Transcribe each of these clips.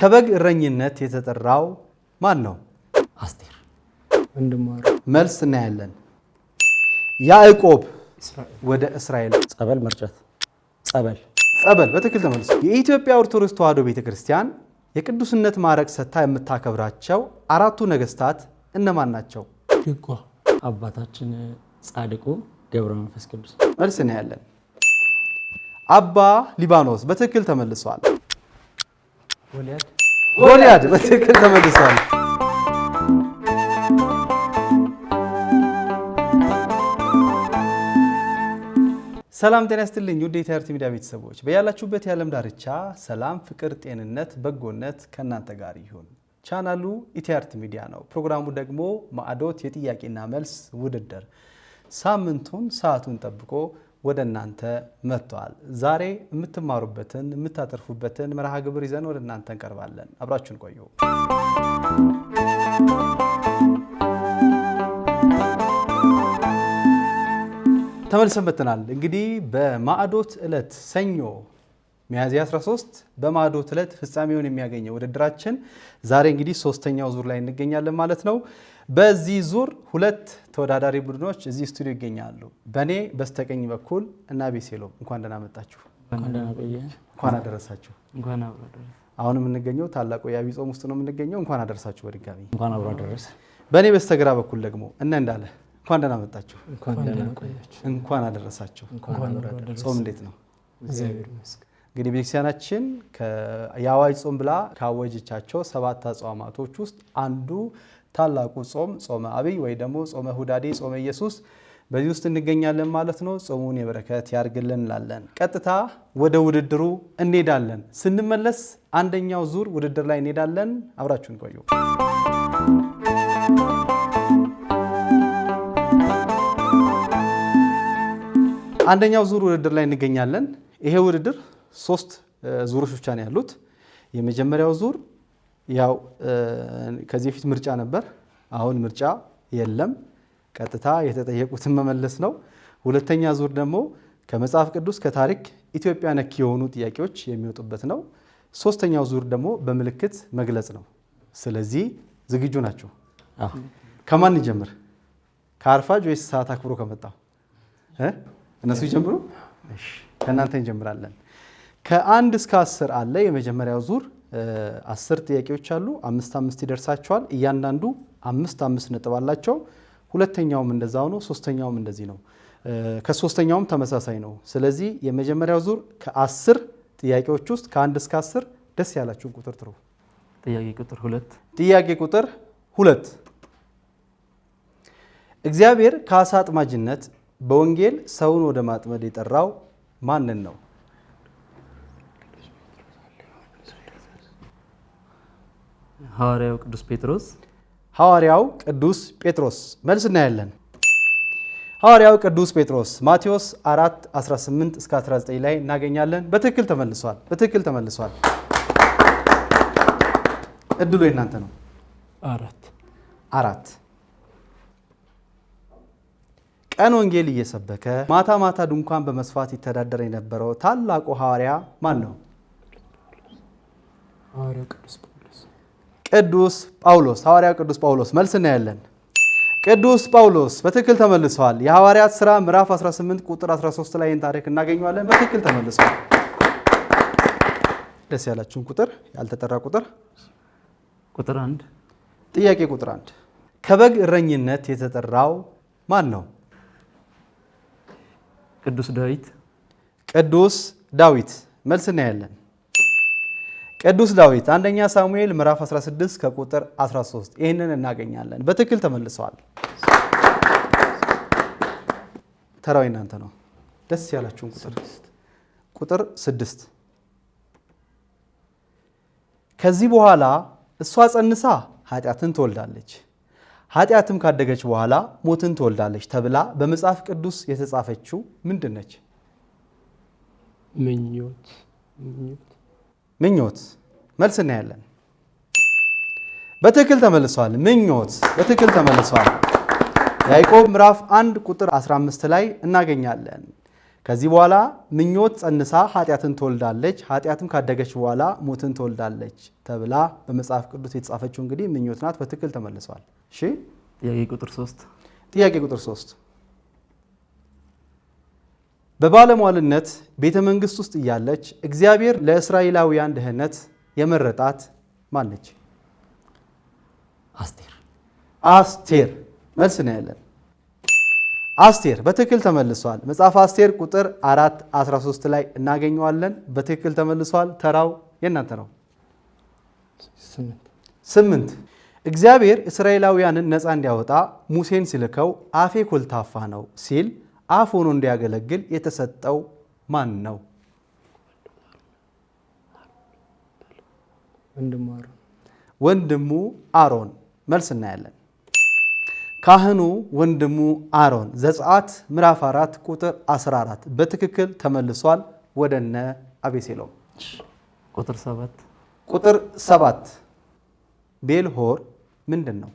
ከበግ እረኝነት የተጠራው ማን ነው? አስቴር። መልስ እናያለን። ያዕቆብ ወደ እስራኤል ጸበል መርጨት ጸበል ጸበል በትክክል ተመልሶ የኢትዮጵያ ኦርቶዶክስ ተዋሕዶ ቤተ ክርስቲያን የቅዱስነት ማዕረግ ሰጥታ የምታከብራቸው አራቱ ነገስታት እነማን ናቸው? አባታችን ጻድቁ ገብረ መንፈስ ቅዱስ መልስ እናያለን። አባ ሊባኖስ በትክክል ተመልሷል። ጎልያድ በትክክል ተመልሷል። ሰላም ጤና ይስጥልኝ ውድ የቲአርቲ ሚዲያ ቤተሰቦች በያላችሁበት የዓለም ዳርቻ ሰላም፣ ፍቅር፣ ጤንነት፣ በጎነት ከእናንተ ጋር ይሁን። ቻናሉ ኢትያርት ሚዲያ ነው። ፕሮግራሙ ደግሞ ማዕዶት የጥያቄና መልስ ውድድር ሳምንቱን ሰዓቱን ጠብቆ ወደ እናንተ መጥተዋል። ዛሬ የምትማሩበትን የምታተርፉበትን መርሃ ግብር ይዘን ወደ እናንተ እንቀርባለን። አብራችን ቆዩ። ተመልሰን መጥተናል። እንግዲህ በማዕዶት ዕለት ሰኞ ሚያዝያ 13 በማዕዶት ዕለት ፍጻሜውን የሚያገኘው ውድድራችን ዛሬ እንግዲህ ሶስተኛው ዙር ላይ እንገኛለን ማለት ነው። በዚህ ዙር ሁለት ተወዳዳሪ ቡድኖች እዚህ ስቱዲዮ ይገኛሉ። በእኔ በስተቀኝ በኩል እና ቤሴሎም እንኳን ደህና መጣችሁ፣ እንኳን አደረሳችሁ። አሁን የምንገኘው ታላቁ የአብይ ጾም ውስጥ ነው የምንገኘው። እንኳን አደረሳችሁ በድጋሚ እንኳን አብሮ አደረሰ። በእኔ በስተግራ በኩል ደግሞ እነ እንዳለ እንኳን ደህና መጣችሁ፣ እንኳን አደረሳችሁ። ጾም እንዴት ነው? እንግዲህ ቤተክርስቲያናችን የአዋጅ ጾም ብላ ካወጀቻቸው ሰባት አጽዋማቶች ውስጥ አንዱ ታላቁ ጾም ጾመ አብይ ወይ ደግሞ ጾመ ሁዳዴ፣ ጾመ ኢየሱስ በዚህ ውስጥ እንገኛለን ማለት ነው። ጾሙን የበረከት ያርግልን እንላለን። ቀጥታ ወደ ውድድሩ እንሄዳለን። ስንመለስ አንደኛው ዙር ውድድር ላይ እንሄዳለን። አብራችሁን ቆዩ። አንደኛው ዙር ውድድር ላይ እንገኛለን። ይሄ ውድድር ሶስት ዙሮች ብቻ ነው ያሉት። የመጀመሪያው ዙር ያው ከዚህ በፊት ምርጫ ነበር። አሁን ምርጫ የለም። ቀጥታ የተጠየቁትን መመለስ ነው። ሁለተኛ ዙር ደግሞ ከመጽሐፍ ቅዱስ ከታሪክ ኢትዮጵያ ነክ የሆኑ ጥያቄዎች የሚወጡበት ነው። ሶስተኛው ዙር ደግሞ በምልክት መግለጽ ነው። ስለዚህ ዝግጁ ናቸው። ከማን ጀምር? ከአርፋጅ ወይስ ሰዓት አክብሮ ከመጣው እነሱ ይጀምሩ? ከእናንተ እንጀምራለን። ከአንድ እስከ አስር አለ የመጀመሪያው ዙር አስር ጥያቄዎች አሉ። አምስት አምስት ይደርሳቸዋል። እያንዳንዱ አምስት አምስት ነጥብ አላቸው። ሁለተኛውም እንደዛው ነው። ሶስተኛውም እንደዚህ ነው። ከሶስተኛውም ተመሳሳይ ነው። ስለዚህ የመጀመሪያው ዙር ከአስር ጥያቄዎች ውስጥ ከአንድ እስከ አስር ደስ ያላችሁን ቁጥር ጥሩ። ጥያቄ ቁጥር ሁለት ጥያቄ ቁጥር ሁለት እግዚአብሔር ከአሳ አጥማጅነት በወንጌል ሰውን ወደ ማጥመድ የጠራው ማንን ነው? ሐዋርያው ቅዱስ ጴጥሮስ ሐዋርያው ቅዱስ ጴጥሮስ መልስ እናያለን። ሐዋርያው ቅዱስ ጴጥሮስ ማቴዎስ 4 18 እስከ 19 ላይ እናገኛለን። በትክክል ተመልሷል። በትክክል ተመልሷል። እድሉ የእናንተ ነው። አራት አራት ቀን ወንጌል እየሰበከ ማታ ማታ ድንኳን በመስፋት ይተዳደር የነበረው ታላቁ ሐዋርያ ማን ነው? ቅዱስ ጳውሎስ ሐዋርያው ቅዱስ ጳውሎስ መልስ እናያለን። ቅዱስ ጳውሎስ በትክክል ተመልሰዋል። የሐዋርያት ሥራ ምዕራፍ 18 ቁጥር 13 ላይ ታሪክ እናገኘዋለን። በትክክል ተመልሰዋል። ደስ ያላችሁን ቁጥር ያልተጠራ ቁጥር ቁጥር አንድ ጥያቄ ቁጥር አንድ ከበግ እረኝነት የተጠራው ማን ነው? ቅዱስ ዳዊት። ቅዱስ ዳዊት መልስ እናያለን። ቅዱስ ዳዊት አንደኛ ሳሙኤል ምዕራፍ 16 ከቁጥር 13 ይህንን እናገኛለን። በትክክል ተመልሰዋል። ተራው እናንተ ነው። ደስ ያላችሁን ቁጥር ቁጥር 6 ከዚህ በኋላ እሷ ጸንሳ ኃጢአትን ትወልዳለች፣ ኃጢአትም ካደገች በኋላ ሞትን ትወልዳለች ተብላ በመጽሐፍ ቅዱስ የተጻፈችው ምንድን ነች? ምኞት ምኞት መልስ እናያለን። በትክክል ተመልሷል። ምኞት በትክክል ተመልሷል። ያዕቆብ ምዕራፍ 1 ቁጥር 15 ላይ እናገኛለን። ከዚህ በኋላ ምኞት ጸንሳ ኃጢአትን ትወልዳለች፣ ኃጢአትም ካደገች በኋላ ሞትን ትወልዳለች ተብላ በመጽሐፍ ቅዱስ የተጻፈችው እንግዲህ ምኞት ናት። በትክክል ተመልሷል። ጥያቄ ቁጥር 3 በባለሟልነት ቤተ መንግስት ውስጥ እያለች እግዚአብሔር ለእስራኤላውያን ደህንነት የመረጣት ማለች አስቴር አስቴር መልስ ነው ያለን። አስቴር በትክክል ተመልሷል። መጽሐፍ አስቴር ቁጥር 4 13 ላይ እናገኘዋለን። በትክክል ተመልሷል። ተራው የእናንተ ነው። ስምንት እግዚአብሔር እስራኤላውያንን ነፃ እንዲያወጣ ሙሴን ሲልከው አፌ ኮልታፋ ነው ሲል አፍ ሆኖ እንዲያገለግል የተሰጠው ማን ነው? ወንድሙ አሮን። መልስ እናያለን። ካህኑ ወንድሙ አሮን ዘጸአት ምዕራፍ 4 ቁጥር 14 በትክክል ተመልሷል። ወደነ አቤሴሎም ቁጥር 7 ቁጥር 7 ቤልሆር ምንድን ነው?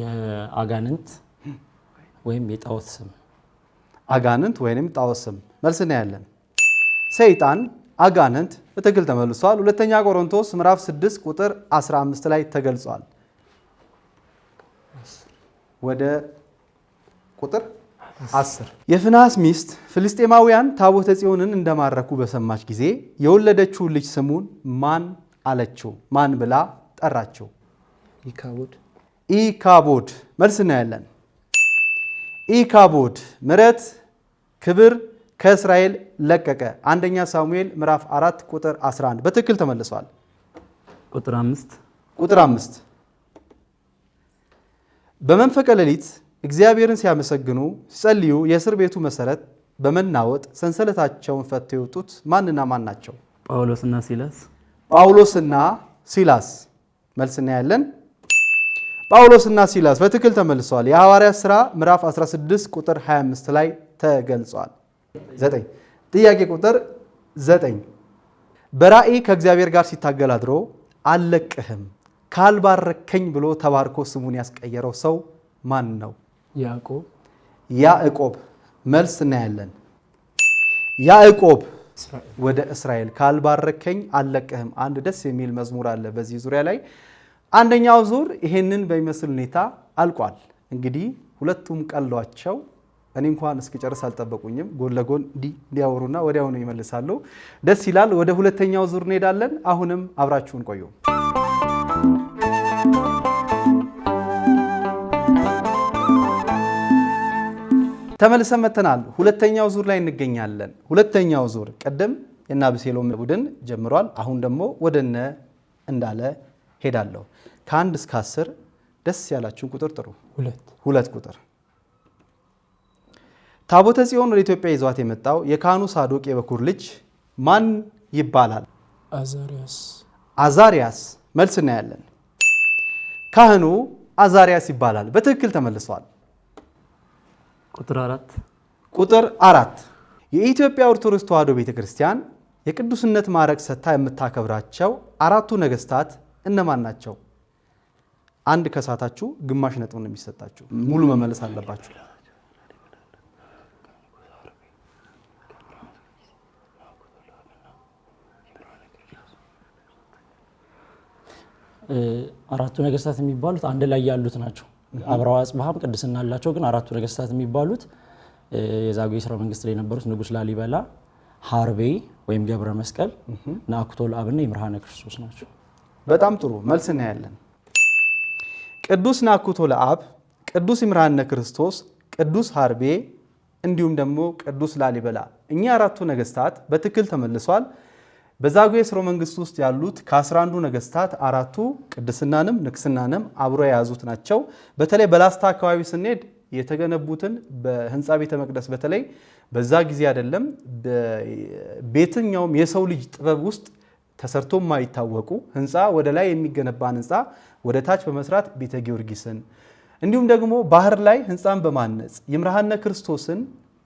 የአጋንንት ወይም የጣዖት ስም አጋንንት ወይም ጣዖት ስም መልስ እናያለን ሰይጣን አጋንንት በትክክል ተመልሷል። ሁለተኛ ቆሮንቶስ ምዕራፍ 6 ቁጥር 15 ላይ ተገልጿል። ወደ ቁጥር 10 የፍናስ ሚስት ፍልስጤማውያን ታቦተ ጽዮንን እንደማረኩ በሰማች ጊዜ የወለደችውን ልጅ ስሙን ማን አለችው? ማን ብላ ጠራችው? ኢካቦድ ኢካቦድ መልስ እናያለን። ኢካቦድ ምረት ክብር ከእስራኤል ለቀቀ። አንደኛ ሳሙኤል ምዕራፍ 4 ቁጥር 11 በትክክል ተመልሷል። ቁጥር 5 ቁጥር 5 በመንፈቀ ሌሊት እግዚአብሔርን ሲያመሰግኑ ሲጸልዩ የእስር ቤቱ መሰረት በመናወጥ ሰንሰለታቸውን ፈተው የወጡት ማንና ማን ናቸው? ጳውሎስና ሲላስ ጳውሎስና ሲላስ መልስ እናያለን። ጳውሎስና ሲላስ በትክክል ተመልሰዋል። የሐዋርያት ሥራ ምዕራፍ 16 ቁጥር 25 ላይ ተገልጿል። ጥያቄ ቁጥር 9 በራእይ ከእግዚአብሔር ጋር ሲታገል አድሮ አልለቅህም ካልባረከኝ ብሎ ተባርኮ ስሙን ያስቀየረው ሰው ማን ነው? ያዕቆብ ያዕቆብ። መልስ እናያለን። ያዕቆብ ወደ እስራኤል ካልባረከኝ አልለቅህም። አንድ ደስ የሚል መዝሙር አለ በዚህ ዙሪያ ላይ አንደኛው ዙር ይሄንን በሚመስል ሁኔታ አልቋል። እንግዲህ ሁለቱም ቀሏቸው እኔ እንኳን እስኪጨርስ አልጠበቁኝም። ጎን ለጎን እንዲያወሩና ወዲያውኑ ይመልሳሉ። ደስ ይላል። ወደ ሁለተኛው ዙር እንሄዳለን። አሁንም አብራችሁን ቆዩ። ተመልሰን መተናል። ሁለተኛው ዙር ላይ እንገኛለን። ሁለተኛው ዙር ቀደም የነ ቡድን ጀምሯል። አሁን ደግሞ ወደነ እንዳለ ሄዳለሁ። ከአንድ እስከ አስር ደስ ያላችሁን ቁጥር ጥሩ። ሁለት ቁጥር ታቦተ ጽዮን ወደ ኢትዮጵያ ይዟት የመጣው የካህኑ ሳዶቅ የበኩር ልጅ ማን ይባላል? አዛሪያስ። መልስ እናያለን። ካህኑ አዛሪያስ ይባላል። በትክክል ተመልሷል። ቁጥር አራት ቁጥር አራት የኢትዮጵያ ኦርቶዶክስ ተዋህዶ ቤተ ክርስቲያን የቅዱስነት ማዕረግ ሰጥታ የምታከብራቸው አራቱ ነገስታት እነማን ናቸው? አንድ ከሳታችሁ ግማሽ ነጥብ ነው የሚሰጣችሁ። ሙሉ መመለስ አለባችሁ። አራቱ ነገስታት የሚባሉት አንድ ላይ ያሉት ናቸው። አብረዋ አጽብሃም ቅድስና አላቸው። ግን አራቱ ነገስታት የሚባሉት የዛጉዌ ሥርወ መንግስት ላይ የነበሩት ንጉስ ላሊበላ፣ ሀርቤ ወይም ገብረ መስቀል፣ ነአኩቶ ለአብና ይምርሃነ ክርስቶስ ናቸው። በጣም ጥሩ መልስ እናያለን። ቅዱስ ናኩቶ ለአብ፣ ቅዱስ ይምርሃነ ክርስቶስ፣ ቅዱስ ሀርቤ እንዲሁም ደግሞ ቅዱስ ላሊበላ እኚህ አራቱ ነገስታት በትክክል ተመልሷል። በዛጉዌ ሥርወ መንግስት ውስጥ ያሉት 11 አንዱ ነገስታት አራቱ ቅድስናንም ንግስናንም አብሮ የያዙት ናቸው። በተለይ በላስታ አካባቢ ስንሄድ የተገነቡትን በህንፃ ቤተ መቅደስ በተለይ በዛ ጊዜ አይደለም በየትኛውም የሰው ልጅ ጥበብ ውስጥ ተሰርቶ የማይታወቁ ህንፃ ወደ ላይ የሚገነባን ህንፃ ወደ ታች በመስራት ቤተ ጊዮርጊስን እንዲሁም ደግሞ ባህር ላይ ህንፃን በማነጽ ይምርሃነ ክርስቶስን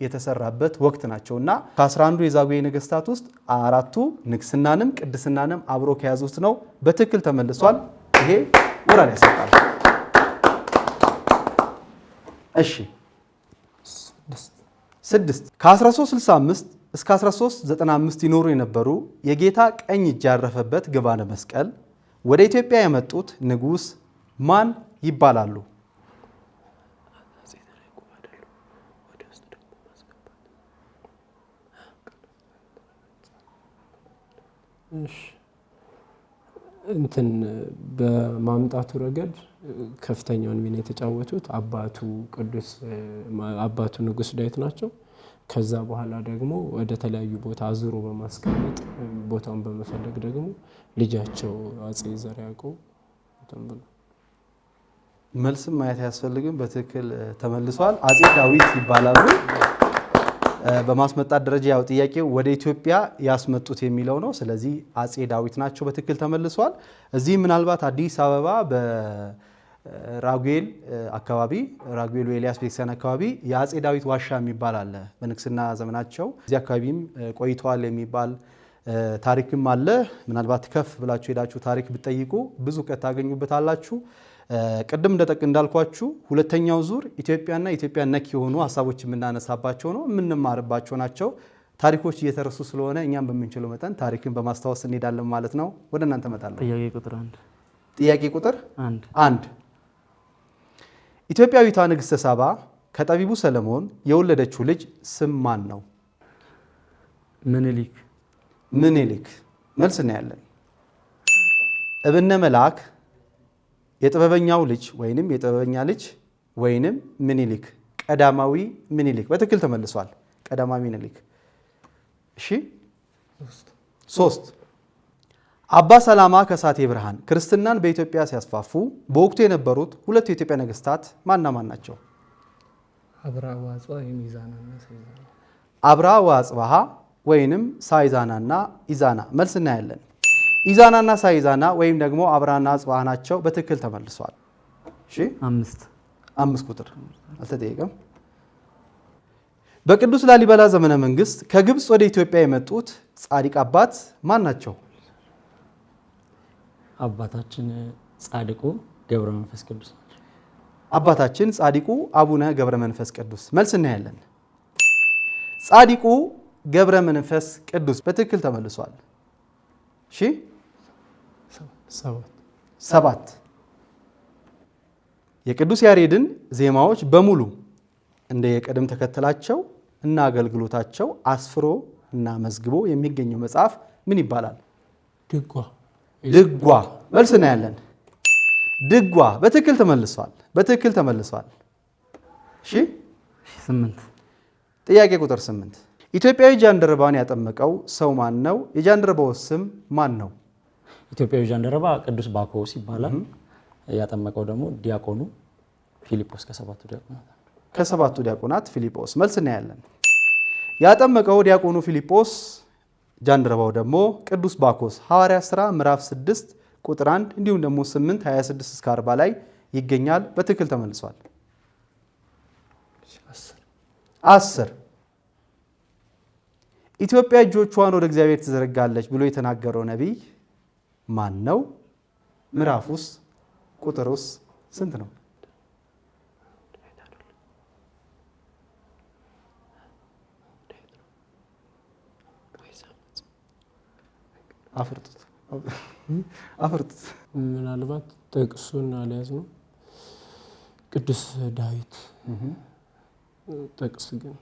የተሰራበት ወቅት ናቸውና ከአስራ 1ዱ የዛጉዌ ነገስታት ውስጥ አራቱ ንግስናንም ቅድስናንም አብሮ ከያዙት ነው። በትክክል ተመልሷል። ይሄ ውራን ያሰጣል። እሺ ስድስት ከ1365 እስከ 1395 ይኖሩ የነበሩ የጌታ ቀኝ እጅ ያረፈበት ግባነ መስቀል ወደ ኢትዮጵያ የመጡት ንጉስ ማን ይባላሉ? እንትን በማምጣቱ ረገድ ከፍተኛውን ሚና የተጫወቱት አባቱ ቅዱስ አባቱ ንጉስ ዳዊት ናቸው። ከዛ በኋላ ደግሞ ወደ ተለያዩ ቦታ አዙሮ በማስቀመጥ ቦታውን በመፈለግ ደግሞ ልጃቸው አጼ ዘር ያዕቆብ መልስም ማየት አያስፈልግም፣ በትክክል ተመልሷል። አጼ ዳዊት ይባላሉ። በማስመጣት ደረጃ ያው ጥያቄው ወደ ኢትዮጵያ ያስመጡት የሚለው ነው። ስለዚህ አጼ ዳዊት ናቸው፣ በትክክል ተመልሷል። እዚህ ምናልባት አዲስ አበባ ራጉኤል አካባቢ ራጉኤል ኤልያስ ቤተክርስቲያን አካባቢ የአጼ ዳዊት ዋሻ የሚባል አለ። በንግስና ዘመናቸው እዚህ አካባቢም ቆይተዋል የሚባል ታሪክም አለ። ምናልባት ከፍ ብላችሁ ሄዳችሁ ታሪክ ብትጠይቁ ብዙ እውቀት ታገኙበታላችሁ። ቅድም እንዳልኳችሁ ሁለተኛው ዙር ኢትዮጵያና ኢትዮጵያ ነክ የሆኑ ሀሳቦች የምናነሳባቸው ነው፣ የምንማርባቸው ናቸው። ታሪኮች እየተረሱ ስለሆነ እኛም በምንችለው መጠን ታሪክን በማስታወስ እንሄዳለን ማለት ነው። ወደ እናንተ እመጣለሁ። ጥያቄ ቁጥር አንድ ኢትዮጵያዊቷ ንግሥተ ሳባ ከጠቢቡ ሰለሞን የወለደችው ልጅ ስም ማን ነው? ምኒልክ። ምኒልክ መልስ እናያለን። ያለን። እብነ መልአክ የጥበበኛው ልጅ ወይንም የጥበበኛ ልጅ ወይንም ምኒልክ ቀዳማዊ ምኒልክ በትክክል ተመልሷል። ቀዳማዊ ምኒልክ እሺ ሶስት አባ ሰላማ ከሳቴ ብርሃን ክርስትናን በኢትዮጵያ ሲያስፋፉ በወቅቱ የነበሩት ሁለቱ የኢትዮጵያ ነገስታት ማና ማን ናቸው? አብራ ወአጽብሃ ወይንም ሳይዛናና ኢዛና። መልስ እናያለን። ኢዛናና ሳይዛና ወይም ደግሞ አብራና አጽብሃ ናቸው። በትክክል ተመልሷል። አምስት ቁጥር አልተጠየቀም። በቅዱስ ላሊበላ ዘመነ መንግስት ከግብፅ ወደ ኢትዮጵያ የመጡት ጻድቅ አባት ማን ናቸው? አባታችን ጻድቁ ገብረ መንፈስ ቅዱስ ናቸው። አባታችን ጻድቁ አቡነ ገብረ መንፈስ ቅዱስ መልስ እናያለን። ጻድቁ ገብረ መንፈስ ቅዱስ በትክክል ተመልሷል። ሺ ሰባት የቅዱስ ያሬድን ዜማዎች በሙሉ እንደ የቅደም ተከተላቸው እና አገልግሎታቸው አስፍሮ እና መዝግቦ የሚገኘው መጽሐፍ ምን ይባላል? ድጓ ድጓ መልስ እናያለን። ድጓ በትክክል ተመልሷል። በትክክል ተመልሷል። እሺ ስምንት ጥያቄ ቁጥር ስምንት ኢትዮጵያዊ ጃንደረባን ያጠመቀው ሰው ማን ነው? የጃንደረባው ስም ማን ነው? ኢትዮጵያዊ ጃንደረባ ቅዱስ ባኮስ ይባላል። ያጠመቀው ደግሞ ዲያቆኑ ፊሊጶስ ከሰባቱ ዲያቆናት ከሰባቱ ዲያቆናት ፊሊጶስ። መልስ እናያለን። ያጠመቀው ዲያቆኑ ፊሊጶስ ጃንደረባው ደግሞ ቅዱስ ባኮስ ሐዋርያ ሥራ ምዕራፍ 6 ቁጥር 1 እንዲሁም ደግሞ 8 26 እስከ 40 ላይ ይገኛል። በትክክል ተመልሷል። አስር ኢትዮጵያ እጆቿን ወደ እግዚአብሔር ትዘረጋለች ብሎ የተናገረው ነቢይ ማን ነው? ምዕራፍ ቁጥሩስ ስንት ነው? አፍርጡት አፍርጡት። ምናልባት ጥቅሱን አልያዝ ነው ቅዱስ ዳዊት ጥቅስ ግን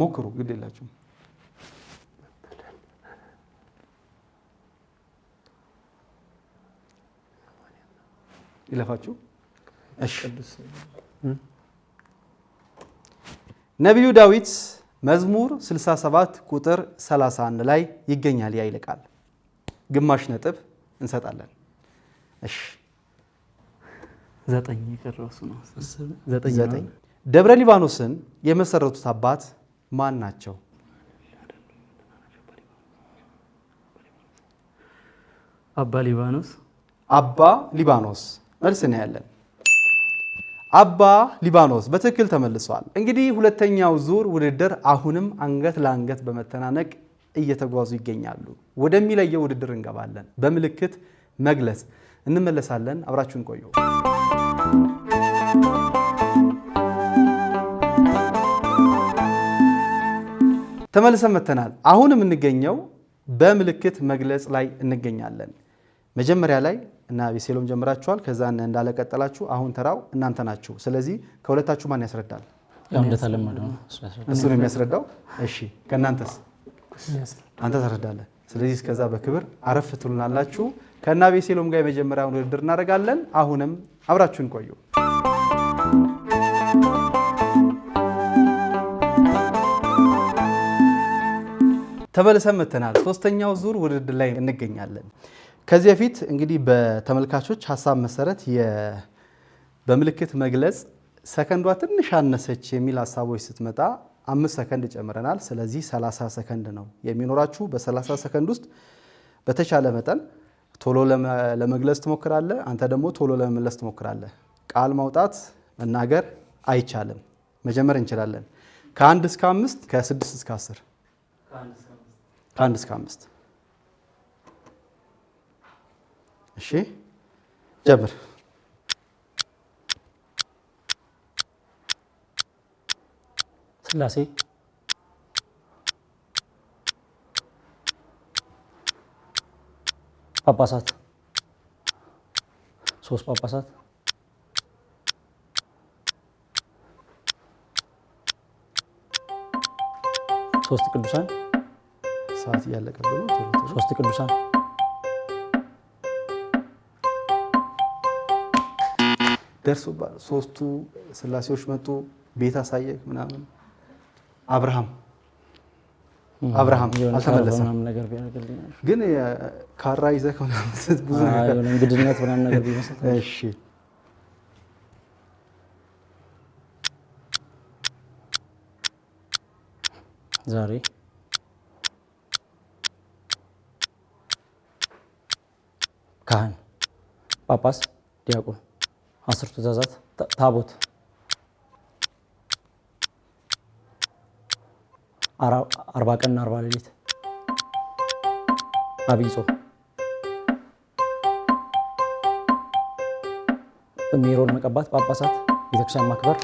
ሞክሩ፣ ግድ የላችሁም። ይለፋችሁ። ነቢዩ ዳዊት መዝሙር 67 ቁጥር 31 ላይ ይገኛል። ያ ይልቃል ግማሽ ነጥብ እንሰጣለን። እሺ ዘጠኝ የቀረሱ ነው። ዘጠኝ ደብረ ሊባኖስን የመሰረቱት አባት ማን ናቸው? አባ ሊባኖስ አባ ሊባኖስ መልስ እናያለን? ያለን። አባ ሊባኖስ በትክክል ተመልሷል። እንግዲህ ሁለተኛው ዙር ውድድር አሁንም አንገት ለአንገት በመተናነቅ እየተጓዙ ይገኛሉ። ወደሚለየው ውድድር እንገባለን። በምልክት መግለጽ እንመለሳለን። አብራችሁን ቆዩ። ተመልሰን መተናል። አሁን የምንገኘው በምልክት መግለጽ ላይ እንገኛለን። መጀመሪያ ላይ እና ቤሴሎም ጀምራችኋል። ከዛ እንዳለቀጠላችሁ አሁን ተራው እናንተ ናችሁ። ስለዚህ ከሁለታችሁ ማን ያስረዳል? እንደተለመደው እሱ ነው የሚያስረዳው። እሺ ከእናንተስ አንተ ታስረዳለህ። ስለዚህ እስከዛ በክብር አረፍ ትሉናላችሁ። ከእና ቤሴሎም ጋር የመጀመሪያውን ውድድር እናደርጋለን። አሁንም አብራችሁን ቆዩ። ተመልሰን መተናል። ሶስተኛው ዙር ውድድር ላይ እንገኛለን። ከዚህ በፊት እንግዲህ በተመልካቾች ሀሳብ መሰረት በምልክት መግለጽ ሰከንዷ ትንሽ አነሰች የሚል ሀሳቦች ስትመጣ አምስት ሰከንድ ጨምረናል። ስለዚህ 30 ሰከንድ ነው የሚኖራችሁ። በ30 ሰከንድ ውስጥ በተቻለ መጠን ቶሎ ለመግለጽ ትሞክራለህ፣ አንተ ደግሞ ቶሎ ለመመለስ ትሞክራለህ። ቃል ማውጣት መናገር አይቻልም። መጀመር እንችላለን። ከአንድ እስከ አምስት ከስድስት እስከ አስር ከአንድ እስከ አምስት እሺ፣ ጀምር። ስላሴ ጳጳሳት ሶስት ጳጳሳት ሶስት ቅዱሳን ሰዓት እያለቀ ሶስት ቅዱሳን ደርሶ ሶስቱ ስላሴዎች መጡ ቤት አሳየህ ምናምን አብርሃም አብርሃም አልተመለሰም። ግን ካራ ይዘህ ብዙ ነገር እሺ ዛሬ ካህን፣ ጳጳስ፣ ዲያቆን፣ አስርቱ ትእዛዛት፣ ታቦት አርባ ቀንና አርባ ሌሊት አብይ ጾም ሜሮን መቀባት፣ ጳጳሳት፣ ቤተክርስቲያን ማክበር።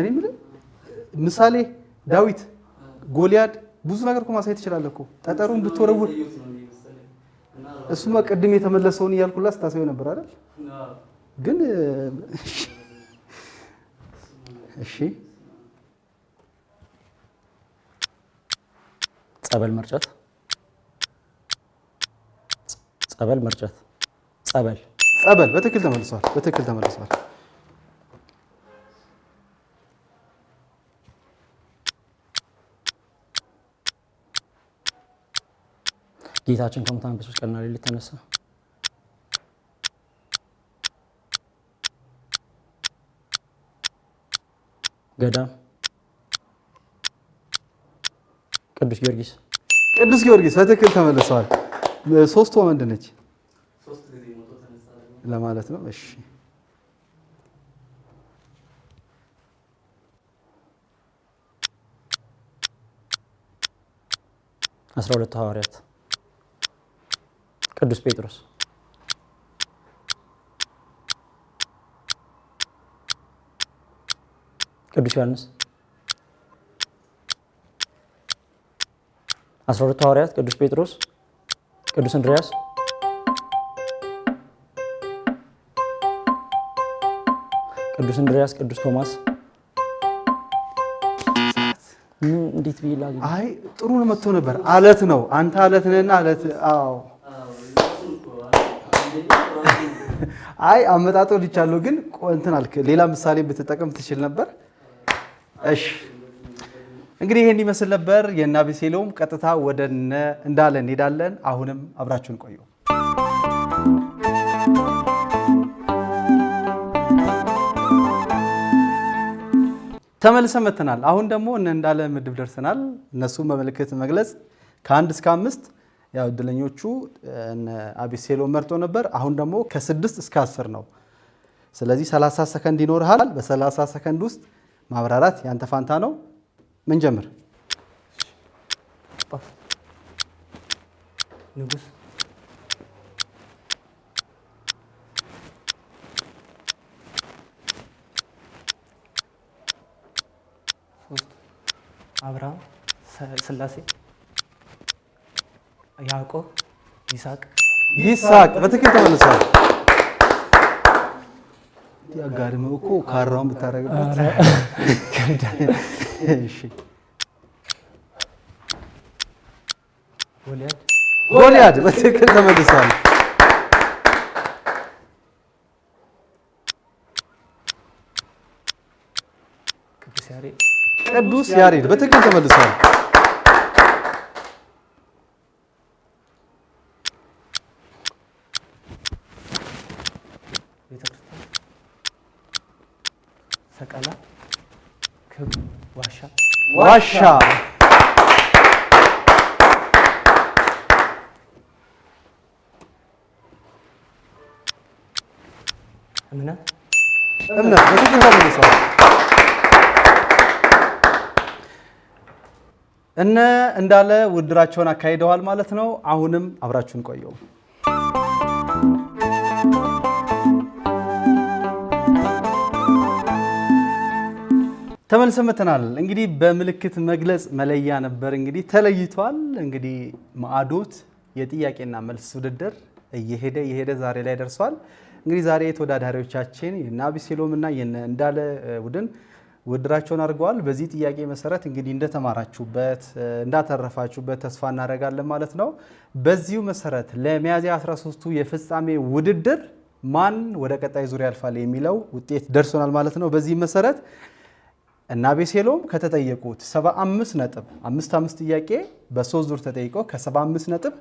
እኔ የምልህ ምሳሌ፣ ዳዊት፣ ጎልያድ ብዙ ነገር እኮ ማሳየት ትችላለህ እኮ ጠጠሩን ብትወረውር። እሱማ ቅድም የተመለሰውን እያልኩላ ስታሳየው ነበር አይደል? ግን እሺ ጸበል መርጨት ጸበል መርጨት ጸበል ጸበል በትክክል ተመልሷል። በትክክል ተመልሷል። ጌታችን ከሙታን በሦስት ቀንና ሌሊት ተነሳ። ገዳም ቅዱስ ጊዮርጊስ ቅዱስ ጊዮርጊስ በትክክል ተመልሰዋል። ሶስቱ ወንድ ነች ለማለት ነው። እሺ አስራ ሁለቱ ሐዋርያት ቅዱስ ጴጥሮስ ቅዱስ ዮሐንስ 12 ሐዋርያት ቅዱስ ጴጥሮስ፣ ቅዱስ እንድርያስ ቅዱስ እንድርያስ፣ ቅዱስ ቶማስ እንዴት ቢላ አይ ጥሩ ነው መጥቶ ነበር። አለት ነው አንተ አለት ነህና አለት። አዎ አይ አመጣጦ ልቻለሁ፣ ግን እንትን አልክ። ሌላ ምሳሌ ብትጠቀም ትችል ነበር። እሺ እንግዲህ ይህን ይመስል ነበር የእነ አቤሴሎም። ቀጥታ ወደ እነ እንዳለ እንሄዳለን። አሁንም አብራችሁን ቆዩ። ተመልሰ መጥተናል። አሁን ደግሞ እነ እንዳለ ምድብ ደርሰናል። እነሱም በምልክት መግለጽ ከአንድ እስከ አምስት ያው እድለኞቹ አቤሴሎም መርጦ ነበር። አሁን ደግሞ ከስድስት እስከ አስር ነው። ስለዚህ 30 ሰከንድ ይኖርሃል። በ30 ሰከንድ ውስጥ ማብራራት ያንተ ፋንታ ነው። ምን ጀምር ንጉስ አብርሃም ስላሴ ያዕቆብ ይስሐቅ ይስሐቅ በትክክል ተመልሷል። ያጋድመው እኮ ካራውን ብታደርግበት ጎልያድ በትክክል ተመልሷል። ቅዱስ ያሬድ በትክክል ተመልሷል። ዋሻ እነ እንዳለ ውድድራቸውን አካሂደዋል ማለት ነው። አሁንም አብራችሁን ቆየው። ተመልሰን እንግዲህ በምልክት መግለጽ መለያ ነበር እንግዲህ ተለይቷል። እንግዲህ ማዕዶት የጥያቄና መልስ ውድድር እየሄደ እየሄደ ዛሬ ላይ ደርሷል። እንግዲህ ዛሬ ተወዳዳሪዎቻችን የነ አቢሴሎም እና የነ እንዳለ ቡድን ውድድራቸውን አድርገዋል። በዚህ ጥያቄ መሰረት እንግዲህ እንደተማራችሁበት እንዳተረፋችሁበት ተስፋ እናደርጋለን ማለት ነው። በዚሁ መሰረት ለሚያዝያ 13ቱ የፍጻሜ ውድድር ማን ወደ ቀጣይ ዙሪያ ያልፋል የሚለው ውጤት ደርሶናል ማለት ነው። በዚህ መሰረት እና አቤሴሎም ከተጠየቁት 75 ነጥብ 55 ጥያቄ በሶስት ዙር ተጠይቀው ከ75 ነጥብ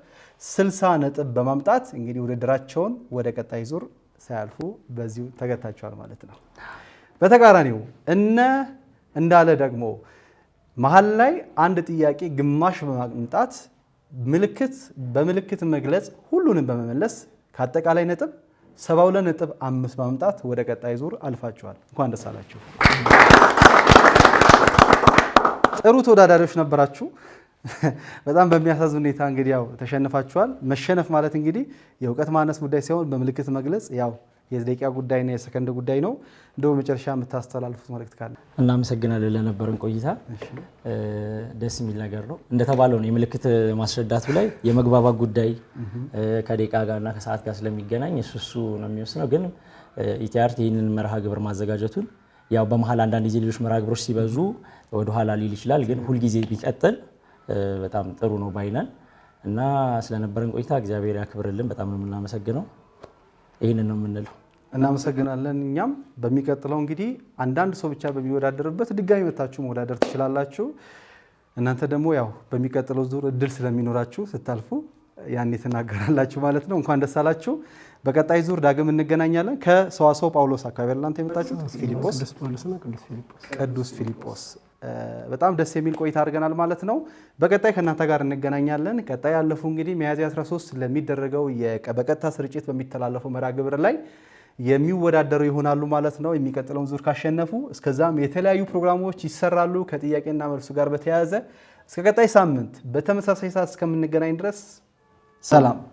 60 ነጥብ በማምጣት እንግዲህ ውድድራቸውን ወደ ቀጣይ ዙር ሳያልፉ በዚሁ ተገታቸዋል ማለት ነው። በተቃራኒው እነ እንዳለ ደግሞ መሀል ላይ አንድ ጥያቄ ግማሽ በማምጣት ምልክት በምልክት መግለጽ ሁሉንም በመመለስ ከአጠቃላይ ነጥብ 72 ነጥብ አምስት በማምጣት ወደ ቀጣይ ዙር አልፋቸዋል። እንኳን ደስ አላችሁ። ጥሩ ተወዳዳሪዎች ነበራችሁ። በጣም በሚያሳዝን ሁኔታ እንግዲህ ያው ተሸንፋችኋል። መሸነፍ ማለት እንግዲህ የእውቀት ማነስ ጉዳይ ሳይሆን በምልክት መግለጽ ያው የደቂቃ ጉዳይና የሰከንድ ጉዳይ ነው። እንደ መጨረሻ የምታስተላልፉት መልእክት ካለ? እናመሰግናለን ለነበረን ቆይታ። ደስ የሚል ነገር ነው። እንደተባለው ነው የምልክት ማስረዳቱ ላይ የመግባባት ጉዳይ ከደቂቃ ጋርና ከሰዓት ጋር ስለሚገናኝ እሱ እሱ ነው የሚወስነው። ግን ኢቲአርት ይህንን መርሃ ግብር ማዘጋጀቱን ያው በመሀል አንዳንድ ጊዜ ሌሎች መርሃ ግብሮች ሲበዙ ወደኋላ ሊል ይችላል፣ ግን ሁልጊዜ ቢቀጥል በጣም ጥሩ ነው ባይነን እና ስለነበረን ቆይታ እግዚአብሔር ያክብርልን። በጣም ነው የምናመሰግነው። ይህንን ነው የምንለው። እናመሰግናለን። እኛም በሚቀጥለው እንግዲህ አንዳንድ ሰው ብቻ በሚወዳደርበት ድጋሚ መታችሁ መወዳደር ትችላላችሁ። እናንተ ደግሞ ያው በሚቀጥለው ዙር እድል ስለሚኖራችሁ ስታልፉ ያኔ ትናገራላችሁ ማለት ነው። እንኳን ደስ አላችሁ። በቀጣይ ዙር ዳግም እንገናኛለን። ከሰዋሰው ጳውሎስ አካባቢ ላንተ የመጣችሁት ፊልጶስ፣ ቅዱስ ፊልጶስ በጣም ደስ የሚል ቆይታ አድርገናል ማለት ነው። በቀጣይ ከእናንተ ጋር እንገናኛለን። ቀጣይ ያለፉ እንግዲህ ሚያዝያ 13 ለሚደረገው በቀጥታ ስርጭት በሚተላለፈው መርሃ ግብር ላይ የሚወዳደሩ ይሆናሉ ማለት ነው። የሚቀጥለውን ዙር ካሸነፉ፣ እስከዛም የተለያዩ ፕሮግራሞች ይሰራሉ ከጥያቄና መልሱ ጋር በተያያዘ እስከ ቀጣይ ሳምንት በተመሳሳይ ሰዓት እስከምንገናኝ ድረስ ሰላም